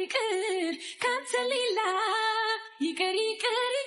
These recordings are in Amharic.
ይቅር ይቅር ካንተ ሌላ ይቅር ይቅር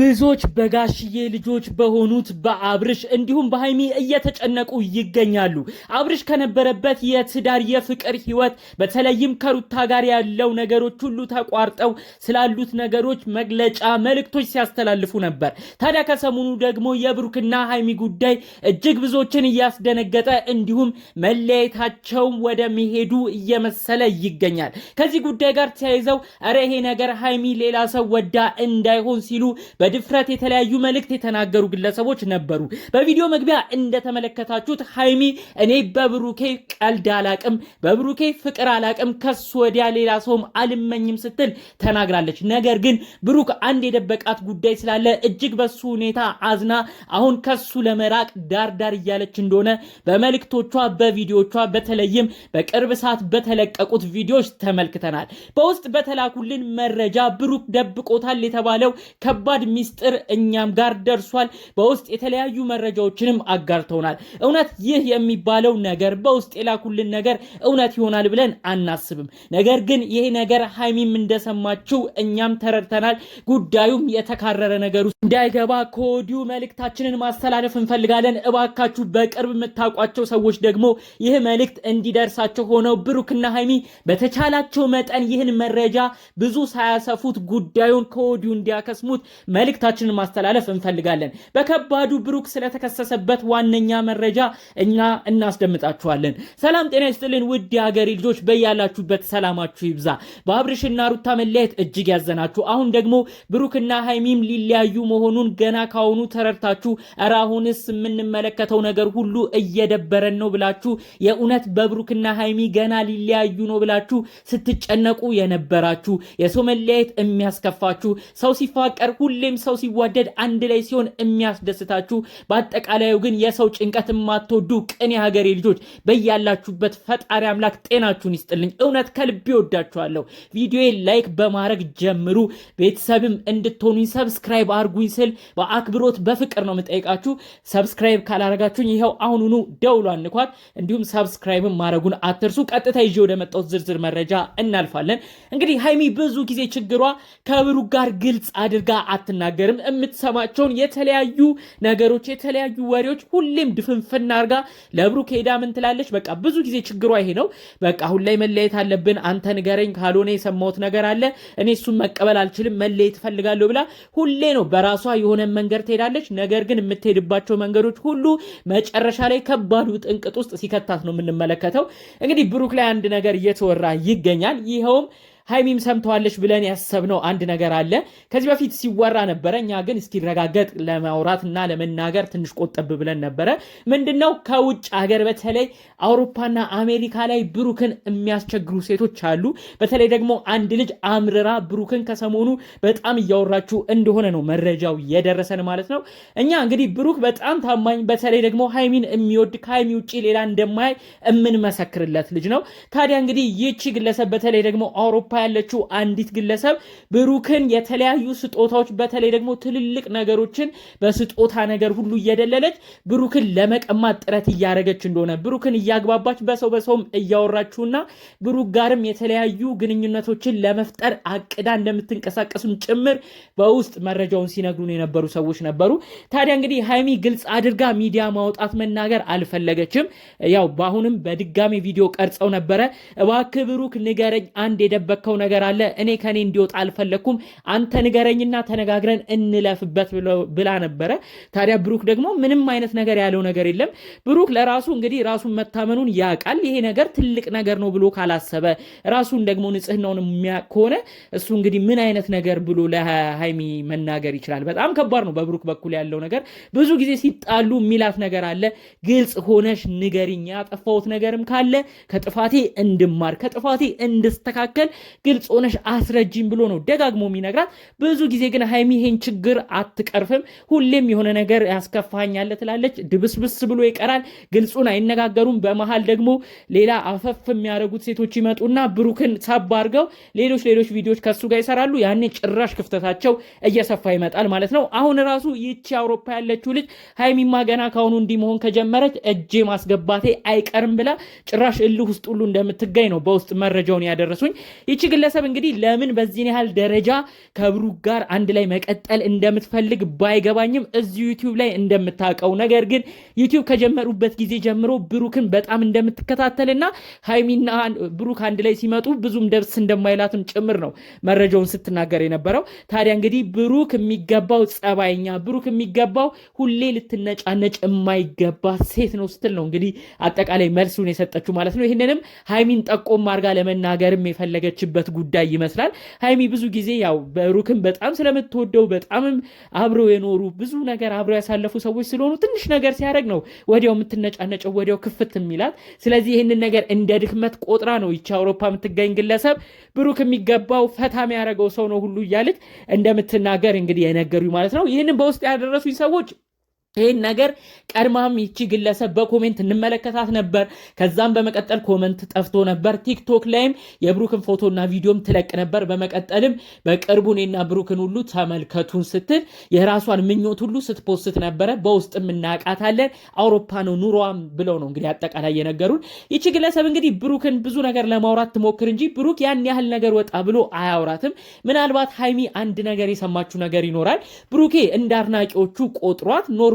ብዙዎች በጋሽዬ ልጆች በሆኑት በአብርሽ እንዲሁም በሀይሚ እየተጨነቁ ይገኛሉ። አብርሽ ከነበረበት የትዳር የፍቅር ህይወት በተለይም ከሩታ ጋር ያለው ነገሮች ሁሉ ተቋርጠው ስላሉት ነገሮች መግለጫ መልእክቶች ሲያስተላልፉ ነበር። ታዲያ ከሰሞኑ ደግሞ የብሩክና ሀይሚ ጉዳይ እጅግ ብዙዎችን እያስደነገጠ እንዲሁም መለያየታቸውን ወደ መሄዱ እየመሰለ ይገኛል። ከዚህ ጉዳይ ጋር ተያይዘው እረ ይሄ ነገር ሀይሚ ሌላ ሰው ወዳ እንዳይሆን ሲሉ በድፍረት የተለያዩ መልእክት የተናገሩ ግለሰቦች ነበሩ። በቪዲዮ መግቢያ እንደተመለከታችሁት ሀይሚ እኔ በብሩኬ ቀልድ አላቅም፣ በብሩኬ ፍቅር አላቅም፣ ከሱ ወዲያ ሌላ ሰውም አልመኝም ስትል ተናግራለች። ነገር ግን ብሩክ አንድ የደበቃት ጉዳይ ስላለ እጅግ በሱ ሁኔታ አዝና አሁን ከሱ ለመራቅ ዳርዳር እያለች እንደሆነ በመልእክቶቿ በቪዲዮቿ በተለይም በቅርብ ሰዓት በተለቀቁት ቪዲዮዎች ተመልክተናል። በውስጥ በተላኩልን መረጃ ብሩክ ደብቆታል የተባለው ከባድ ሚስጥር እኛም ጋር ደርሷል። በውስጥ የተለያዩ መረጃዎችንም አጋርተውናል። እውነት ይህ የሚባለው ነገር በውስጥ የላኩልን ነገር እውነት ይሆናል ብለን አናስብም። ነገር ግን ይህ ነገር ሀይሚም እንደሰማችው እኛም ተረድተናል። ጉዳዩም የተካረረ ነገር ውስጥ እንዳይገባ ከወዲሁ መልእክታችንን ማስተላለፍ እንፈልጋለን። እባካችሁ በቅርብ የምታውቋቸው ሰዎች ደግሞ ይህ መልእክት እንዲደርሳቸው ሆነው ብሩክና ሀይሚ በተቻላቸው መጠን ይህን መረጃ ብዙ ሳያሰፉት ጉዳዩን ከወዲሁ እንዲያከስሙት መልእክታችንን ማስተላለፍ እንፈልጋለን። በከባዱ ብሩክ ስለተከሰሰበት ዋነኛ መረጃ እኛ እናስደምጣችኋለን። ሰላም ጤና ይስጥልን ውድ የሀገሬ ልጆች፣ በያላችሁበት ሰላማችሁ ይብዛ። በአብርሽና ሩታ መለያየት እጅግ ያዘናችሁ፣ አሁን ደግሞ ብሩክና ሀይሚም ሊለያዩ መሆኑን ገና ካሁኑ ተረድታችሁ እረ አሁንስ የምንመለከተው ነገር ሁሉ እየደበረን ነው ብላችሁ የእውነት በብሩክና ሀይሚ ገና ሊለያዩ ነው ብላችሁ ስትጨነቁ የነበራችሁ የሰው መለያየት የሚያስከፋችሁ ሰው ሲፋቀር ሁሌ ወይም ሰው ሲዋደድ አንድ ላይ ሲሆን የሚያስደስታችሁ፣ በአጠቃላዩ ግን የሰው ጭንቀት የማትወዱ ቅን የሀገሬ ልጆች በያላችሁበት ፈጣሪ አምላክ ጤናችሁን ይስጥልኝ። እውነት ከልቤ ወዳችኋለሁ። ቪዲዮ ላይክ በማድረግ ጀምሩ። ቤተሰብም እንድትሆኑኝ ሰብስክራይብ አርጉኝ ስል በአክብሮት በፍቅር ነው የምጠይቃችሁ። ሰብስክራይብ ካላረጋችሁኝ ይኸው አሁኑኑ ደውሎ አንኳት፣ እንዲሁም ሰብስክራይብን ማድረጉን አትርሱ። ቀጥታ ይዤ ወደ መጣሁት ዝርዝር መረጃ እናልፋለን። እንግዲህ ሀይሚ ብዙ ጊዜ ችግሯ ከብሩ ጋር ግልጽ አድርጋ አትና አትናገርም። የምትሰማቸውን የተለያዩ ነገሮች፣ የተለያዩ ወሬዎች ሁሌም ድፍንፍና አርጋ ለብሩክ ሄዳ ምን ትላለች? በቃ ብዙ ጊዜ ችግሯ ይሄ ነው። በቃ አሁን ላይ መለየት አለብን፣ አንተ ንገረኝ፣ ካልሆነ የሰማሁት ነገር አለ፣ እኔ እሱን መቀበል አልችልም፣ መለየት እፈልጋለሁ ብላ ሁሌ ነው በራሷ የሆነ መንገድ ትሄዳለች። ነገር ግን የምትሄድባቸው መንገዶች ሁሉ መጨረሻ ላይ ከባዱ ጥንቅጥ ውስጥ ሲከታት ነው የምንመለከተው። እንግዲህ ብሩክ ላይ አንድ ነገር እየተወራ ይገኛል። ይኸውም ሀይሚም ሰምተዋለች ብለን ያሰብነው አንድ ነገር አለ። ከዚህ በፊት ሲወራ ነበረ። እኛ ግን እስኪረጋገጥ ለማውራት እና ለመናገር ትንሽ ቆጠብ ብለን ነበረ። ምንድን ነው ከውጭ ሀገር በተለይ አውሮፓና አሜሪካ ላይ ብሩክን የሚያስቸግሩ ሴቶች አሉ። በተለይ ደግሞ አንድ ልጅ አምርራ ብሩክን ከሰሞኑ በጣም እያወራችሁ እንደሆነ ነው መረጃው የደረሰን ማለት ነው። እኛ እንግዲህ ብሩክ በጣም ታማኝ በተለይ ደግሞ ሀይሚን የሚወድ ከሀይሚ ውጭ ሌላ እንደማያይ የምንመሰክርለት ልጅ ነው። ታዲያ እንግዲህ ይቺ ግለሰብ በተለይ ደግሞ አውሮፓ በአውሮፓ ያለችው አንዲት ግለሰብ ብሩክን የተለያዩ ስጦታዎች በተለይ ደግሞ ትልልቅ ነገሮችን በስጦታ ነገር ሁሉ እየደለለች ብሩክን ለመቀማት ጥረት እያደረገች እንደሆነ ብሩክን እያግባባች በሰው በሰውም እያወራችሁና ብሩክ ጋርም የተለያዩ ግንኙነቶችን ለመፍጠር አቅዳ እንደምትንቀሳቀሱም ጭምር በውስጥ መረጃውን ሲነግሩን የነበሩ ሰዎች ነበሩ። ታዲያ እንግዲህ ሀይሚ ግልጽ አድርጋ ሚዲያ ማውጣት መናገር አልፈለገችም። ያው በአሁንም በድጋሚ ቪዲዮ ቀርጸው ነበረ። እባክህ ብሩክ ንገረኝ አንድ የደበ ያደረግከው ነገር አለ፣ እኔ ከኔ እንዲወጣ አልፈለግኩም፣ አንተ ንገረኝና ተነጋግረን እንለፍበት ብላ ነበረ። ታዲያ ብሩክ ደግሞ ምንም አይነት ነገር ያለው ነገር የለም። ብሩክ ለራሱ እንግዲህ ራሱን መታመኑን ያውቃል። ይሄ ነገር ትልቅ ነገር ነው ብሎ ካላሰበ ራሱን ደግሞ ንጽህናውን የሚያውቅ ከሆነ እሱ እንግዲህ ምን አይነት ነገር ብሎ ለሀይሚ መናገር ይችላል? በጣም ከባድ ነው በብሩክ በኩል ያለው ነገር። ብዙ ጊዜ ሲጣሉ የሚላት ነገር አለ፣ ግልጽ ሆነሽ ንገሪኝ፣ ያጠፋሁት ነገርም ካለ ከጥፋቴ እንድማር ከጥፋቴ እንድስተካከል ግልጽ ሆነሽ አስረጅኝ ብሎ ነው ደጋግሞ የሚነግራት። ብዙ ጊዜ ግን ሀይሚ ይሄን ችግር አትቀርፍም። ሁሌም የሆነ ነገር ያስከፋኛለ ትላለች። ድብስብስ ብሎ ይቀራል። ግልጹን አይነጋገሩም። በመሀል ደግሞ ሌላ አፈፍ የሚያደርጉት ሴቶች ይመጡና ብሩክን ሰብ አድርገው ሌሎች ሌሎች ቪዲዮዎች ከሱ ጋር ይሰራሉ። ያኔ ጭራሽ ክፍተታቸው እየሰፋ ይመጣል ማለት ነው። አሁን ራሱ ይቺ አውሮፓ ያለችው ልጅ ሀይሚማ ገና ካሁኑ እንዲህ መሆን ከጀመረች እጄ ማስገባቴ አይቀርም ብላ ጭራሽ እልህ ውስጥ ሁሉ እንደምትገኝ ነው በውስጥ መረጃውን ያደረሱኝ። ይቺ ግለሰብ እንግዲህ ለምን በዚህን ያህል ደረጃ ከብሩክ ጋር አንድ ላይ መቀጠል እንደምትፈልግ ባይገባኝም እዚሁ ዩቲዩብ ላይ እንደምታውቀው ነገር ግን ዩቲዩብ ከጀመሩበት ጊዜ ጀምሮ ብሩክን በጣም እንደምትከታተልና ሀይሚና ብሩክ አንድ ላይ ሲመጡ ብዙም ደብስ እንደማይላትም ጭምር ነው መረጃውን ስትናገር የነበረው። ታዲያ እንግዲህ ብሩክ የሚገባው ጸባይኛ፣ ብሩክ የሚገባው ሁሌ ልትነጫነጭ የማይገባ ሴት ነው ስትል ነው እንግዲህ አጠቃላይ መልሱን የሰጠችው ማለት ነው። ይህንንም ሀይሚን ጠቆም አድርጋ ለመናገርም የፈለገችበት የሚችልበት ጉዳይ ይመስላል። ሀይሚ ብዙ ጊዜ ያው በሩክን በጣም ስለምትወደው በጣምም አብረው የኖሩ ብዙ ነገር አብረው ያሳለፉ ሰዎች ስለሆኑ ትንሽ ነገር ሲያደርግ ነው ወዲያው የምትነጫነጨው ወዲያው ክፍት የሚላት። ስለዚህ ይህንን ነገር እንደ ድክመት ቆጥራ ነው ይቺ አውሮፓ የምትገኝ ግለሰብ ብሩክ የሚገባው ፈታ የሚያደርገው ሰው ነው ሁሉ እያለች እንደምትናገር እንግዲህ የነገሩ ማለት ነው። ይህንን በውስጥ ያደረሱኝ ሰዎች ይህን ነገር ቀድማም ይቺ ግለሰብ በኮሜንት እንመለከታት ነበር። ከዛም በመቀጠል ኮሜንት ጠፍቶ ነበር። ቲክቶክ ላይም የብሩክን ፎቶና ቪዲዮም ትለቅ ነበር። በመቀጠልም በቅርቡ እኔና ብሩክን ሁሉ ተመልከቱን ስትል የራሷን ምኞት ሁሉ ስትፖስት ነበረ። በውስጥም እናቃታለን። አውሮፓ ነው ኑሯም ብለው ነው እንግዲህ አጠቃላይ የነገሩን። ይቺ ግለሰብ እንግዲህ ብሩክን ብዙ ነገር ለማውራት ትሞክር እንጂ ብሩክ ያን ያህል ነገር ወጣ ብሎ አያውራትም። ምናልባት ሀይሚ አንድ ነገር የሰማችው ነገር ይኖራል። ብሩኬ እንደ አድናቂዎቹ ቆጥሯት ኖር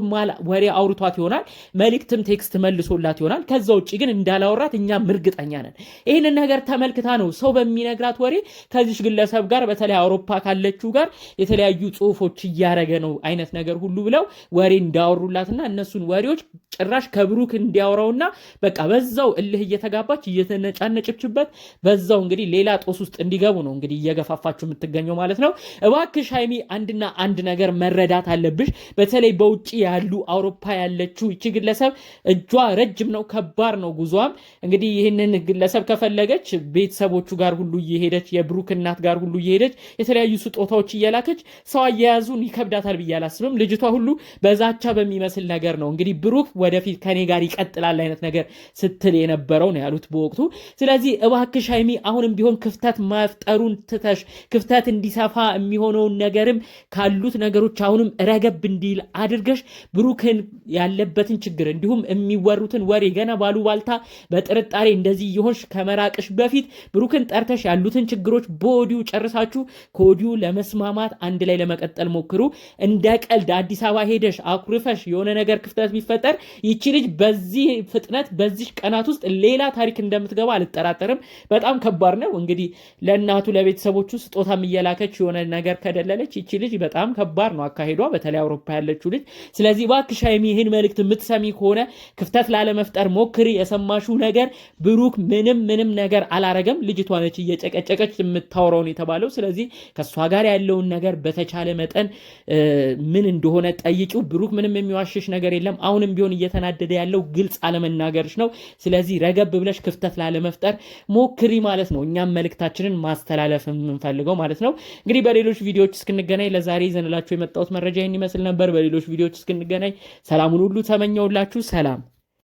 ወሬ አውርቷት ይሆናል፣ መልእክትም ቴክስት መልሶላት ይሆናል። ከዛ ውጭ ግን እንዳላወራት እኛም እርግጠኛ ነን። ይህንን ነገር ተመልክታ ነው ሰው በሚነግራት ወሬ ከዚች ግለሰብ ጋር በተለይ አውሮፓ ካለችው ጋር የተለያዩ ጽሁፎች እያረገ ነው አይነት ነገር ሁሉ ብለው ወሬ እንዳወሩላትና እነሱን ወሬዎች ጭራሽ ከብሩክ እንዲያወራውና በቃ በዛው እልህ እየተጋባች እየተነጫነጭችበት በዛው እንግዲህ ሌላ ጦስ ውስጥ እንዲገቡ ነው እንግዲህ እየገፋፋችሁ የምትገኘው ማለት ነው። እባክሽ ሀይሚ አንድና አንድ ነገር መረዳት አለብሽ። በተለይ በውጭ ያ ያሉ አውሮፓ ያለችው ይቺ ግለሰብ እጇ ረጅም ነው፣ ከባድ ነው ጉዟም። እንግዲህ ይህንን ግለሰብ ከፈለገች ቤተሰቦቹ ጋር ሁሉ እየሄደች የብሩክ እናት ጋር ሁሉ እየሄደች የተለያዩ ስጦታዎች እየላከች ሰው አያያዙን ይከብዳታል ብዬ አላስብም። ልጅቷ ሁሉ በዛቻ በሚመስል ነገር ነው እንግዲህ ብሩክ ወደፊት ከኔ ጋር ይቀጥላል አይነት ነገር ስትል የነበረው ነው ያሉት በወቅቱ። ስለዚህ እባክሽ ሀይሚ አሁንም ቢሆን ክፍተት መፍጠሩን ትተሽ ክፍተት እንዲሰፋ የሚሆነውን ነገርም ካሉት ነገሮች አሁንም ረገብ እንዲል አድርገሽ ብሩክን ያለበትን ችግር እንዲሁም የሚወሩትን ወሬ ገና ባልታ በጥርጣሬ እንደዚህ እየሆንሽ ከመራቅሽ በፊት ብሩክን ጠርተሽ ያሉትን ችግሮች በወዲሁ ጨርሳችሁ ከወዲሁ ለመስማማት አንድ ላይ ለመቀጠል ሞክሩ። እንደ ቀልድ አዲስ አበባ ሄደሽ አኩርፈሽ የሆነ ነገር ክፍተት ቢፈጠር ይቺ ልጅ በዚህ ፍጥነት በዚህ ቀናት ውስጥ ሌላ ታሪክ እንደምትገባ አልጠራጠርም። በጣም ከባድ ነው እንግዲህ ለእናቱ ለቤተሰቦቹ ስጦታ እየላከች የሆነ ነገር ከደለለች ይቺ ልጅ በጣም ከባድ ነው አካሄዷ፣ በተለይ አውሮፓ ያለችው ልጅ ስለዚህ ስለዚህ እባክሽ ሀይሚ ይህን መልእክት የምትሰሚ ከሆነ ክፍተት ላለመፍጠር ሞክሪ። የሰማሽው ነገር ብሩክ ምንም ምንም ነገር አላረገም። ልጅቷ ነች እየጨቀጨቀች የምታወራውን የተባለው። ስለዚህ ከእሷ ጋር ያለውን ነገር በተቻለ መጠን ምን እንደሆነ ጠይቂው። ብሩክ ምንም የሚዋሽሽ ነገር የለም። አሁንም ቢሆን እየተናደደ ያለው ግልጽ አለመናገርሽ ነው። ስለዚህ ረገብ ብለሽ ክፍተት ላለመፍጠር ሞክሪ ማለት ነው። እኛም መልእክታችንን ማስተላለፍ የምንፈልገው ማለት ነው። እንግዲህ በሌሎች ቪዲዮዎች እስክንገናኝ ለዛሬ ይዘንላችሁ የመጣሁት መረጃ ይህን ይመስል ነበር። በሌሎች ቪዲዮዎች እስክንገ እስከምንገናኝ ሰላሙን ሁሉ ተመኘውላችሁ። ሰላም